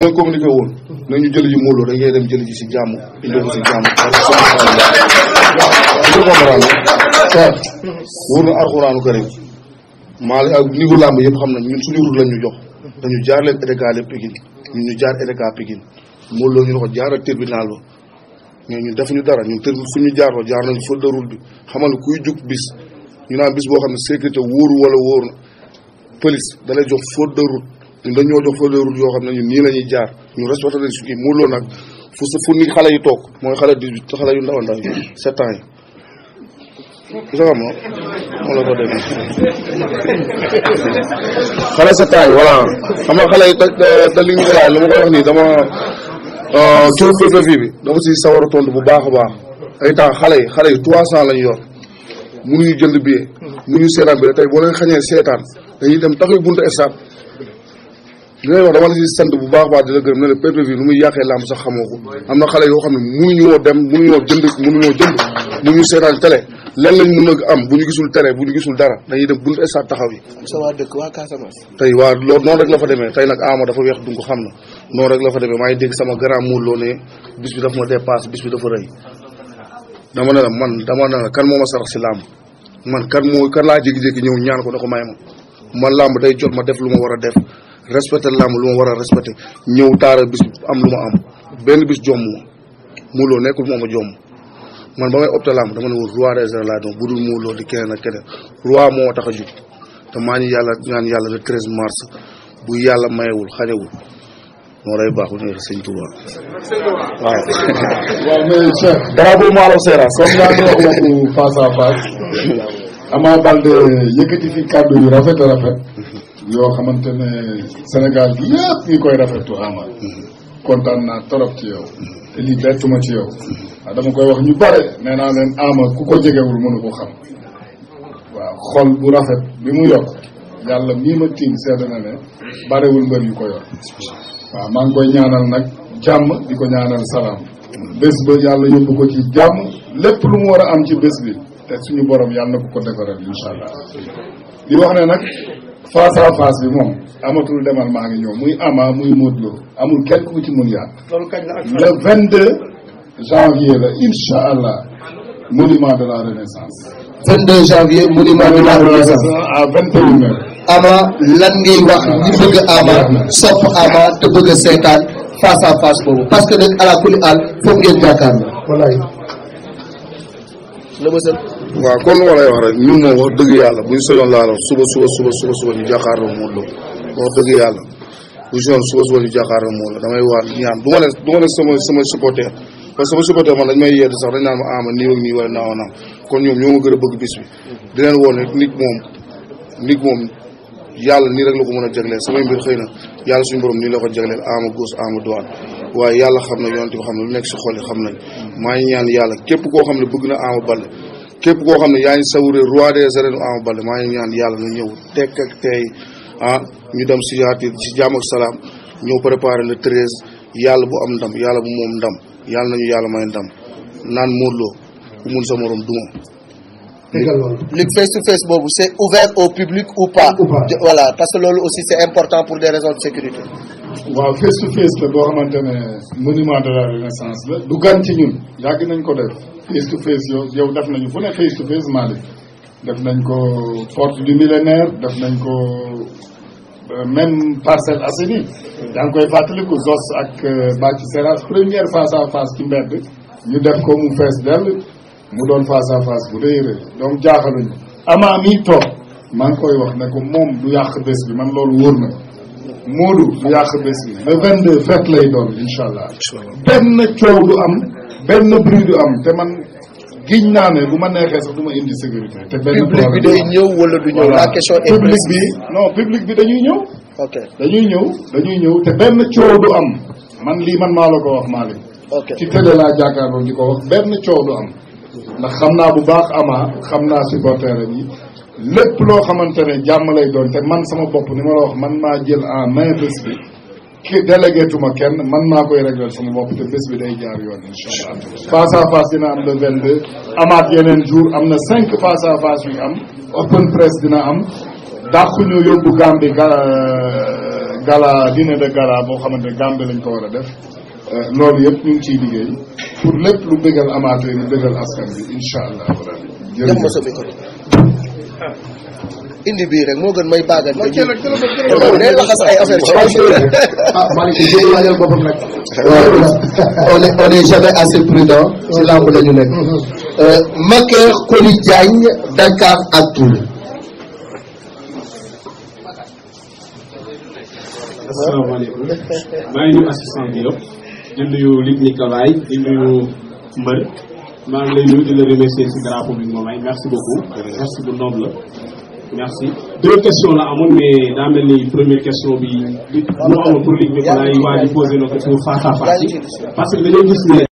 nga communiqué woon nañu jël ji Modou Lo dem jël ji si jàmm indi ko si jàmm parce que ak niveau làmb yëpp xam na ñun suñu route lañ jox dañu jaar leen EDK lépp Pikine ñun ñu jaar EDK Pikine Modou ñu ne ko jaaral tribunal ba mais ñun defuñu dara ñu tër fu ñu jaaroo jaar nañu fël de route bi xamal ne kuy jug bis ñu naan bis boo xam ne sécurité wóoru wala woor na police dalay jox faute de route ñun dañ ñoo jox feuille de yoo xam ne ñun nii la ñuy jaar ñu respecté nañ suñu Modou Lo nag fu fu ni xale yi toog mooy xale dix-huit yu ndaw ndaw yi sept ans yi saxam ko def xale sept ans yi voilà xam nga xale yi da li ñu laaj lu ma koy wax nii dama tur euh, bi dama si sawar a tontu bu baax a baax ay temps xale yi xale yi trois cent lañu yor mënuñu jënd billet mënuñu seetaan bi tey boo leen xañee seetaan dañuy dem tax taxaw buntu stade li ngay wax dama bu baax baax di la gërëm ne la pay na xale yoo xam ne mënuñoo dem mënuñoo jënd mënuñoo jënd mënuñu seetaan télé a am bu ñu gisul télé bu ñu gisul dara dañuy dem buntu stade taxaw yi sa waa dëkk waa Casamance tey waa loolu noonu rek la demee tey nag ama dafa weex dunga xam na noonu rek la fa demee dégg sama grand muuloo ne bis bi dafa ma dépasse bis bi dafa rëy dama man dama ne la kan moo ma sarax si làmb man kan moo kan laa jékki-jékki ñëw ñaan ko ne ko may ma ma làmb day jot ma def lu ma war a def respecté làmb lu ma war a respecté ñëw taara bis am lu ma am benn bis jomm ma muuloo nekkul moo ma jomm man ba may opté làmb dama ne woon roi des arènes laa doon bu dul muuloo di keneen ak moo tax a te maa yàlla ñaan yàlla le 13 mars bu yàlla mayewul xañewul moo lay baax ñu ne sëñ Touba. bu maalo seera comme Ama Baldé yëkkati fi kàddu yu rafet a rafet yoo xamante ne Sénégal bi yëpp ñu koy rafetu Ama kontaan naa torop ci yow te lii bettuma ci yow waaw dama koy wax ñu bare nee naa leen Ama ku ko jegewul mënu ko xam waaw xol bu rafet bi mu yokk yàlla mii ma tiim seede na ne barewul mbër yu ko yor waaw maa ngi koy ñaanal nag jàmm di ko ñaanal salaam bés ba yàlla yóbbu ko ci jàmm lépp lu mu war a am ci bés bi suñu borom yàlla na ko nag face à bi moom amatul demal maa ngi ñëw muy Ama muy Modou amul kenn mun yàq. la le 22 janvier la incha allah monument de la renaissance. 22 janvier monument de la renaissance à lan ngay wax ñi bëgg Ama sopp Ama te bëgg seetaan face à boobu parce que nag ala kulli àll foog ngeen jàkkaarloo. wallaay. waaw kon war a wax rek ñun moom wax dëgg yàlla bu ñu sojoon laa wax suba suba suba suba suba ñu jàkkaarloo Modou Lo wax dëgg yàlla bu ñu sojoon suba suba ñu jàkkaarloo Modou ñaan du ma ne du ma ne sama que sama supporter man dañ may yedd sax dañ naan ma ama ah, nii ak nii wala naaw naaw gën a bëgg bis bi di leen woon rek moom nit moom nii rek la ko mën a jagleel samay mbir xëy na yàlla suñu borom nii la ko jagleel ama góos ama doan waaye yàlla xam na yonent bi xam ne lu nekk si xol yi xam nañ maa ngi ñaan yàlla képp koo xam ne bëgg na ama balle képp koo xam ne yaa ngi savouré roi des arènes Ama Baldé maa ngi ñaan yàlla na ñëw tekk tey ah ñu dem si yaati si jàmm ak salaam ñëw préparé le treize yàlla bu am ndam yàlla bu moom ndam yàlla nañu yàlla may ndam naan móodloo ku mun sa morom duma Lutte face to face boobu c'est ouvert au public ou pas parce que loolu aussi c'est important pour des raisons de sécurité waaw face to face la boo xamante ne monument de la renaissance la du gan ci ñun yàgg nañ ko def face to face yow def nañu fu ne face to face Malick def nañ ko porte du millénaire def nañ ko euh, même Parcelles Assainies yaa ngi koy fàttaliku Zos ak euh, Bathie Seras première face à face ci mbedd ñu def ko mu fees dell mu doon face à face bu rëy rëy donc jaaxaluñu amaa mi toog maa ngi koy wax ne ko moom du yàq bés bi man loolu wóor na Moodu du yàq bés yi le 22 fête lay doon incha allah. benn coow du am benn bruit du am te man giñ naa ne bu ma neexee sax du ma indi sécurité. te benn public bi day ñëw wala du ñëw. la question est public bi non public bi dañuy ñëw. ok dañuy ñëw dañuy ñëw te benn coow du am man lii man maa la ko wax Malick. ok ci télé laa jàkkaarloo ñu ko wax benn coow du am. ndax xam naa bu baax ama xam naa supporter yi. lépp loo xamante ne jàmm lay doon te man sama bopp ni ma la wax man maa jël en main bés bi ki délégué tuma kenn man maa koy réglal sama bopp te bés bi day jaar yoon incha allah face à face dina am le 22 amaat yeneen jour am na cinq face à face yu am open press dina am dàquñu yóbbu Gambie gala gala dîner de gala boo xamante ne Gambie lañ ko war a def loolu yëpp ñu ngi ciy liggéey pour lépp lu bëggal amateur yi bëggal askan bi incha allah. jërëjëf indi bii rek moo gën may baagal. mooy kii la kii la laxas ay affaire ci ah boppam nag. on est on est jamais assez prudent. ci làmb la ñu nekk. Euh, Maker Coly Diagne Dakar Actu. asalaamaaleykum maa ngi nuyu assistant bi yëpp di nuyu Luc Nicolaï di nuyu Mbër. maa ngi lay nuyu di la remercier ci drapeau bi nga merci beaucoup. merci bu noble merci deux questions la amoon mais daa mel ni première question bi li mu amoon pour liggéey balaa yi waa ji posé na ko face à face parce que dañoo gis ne.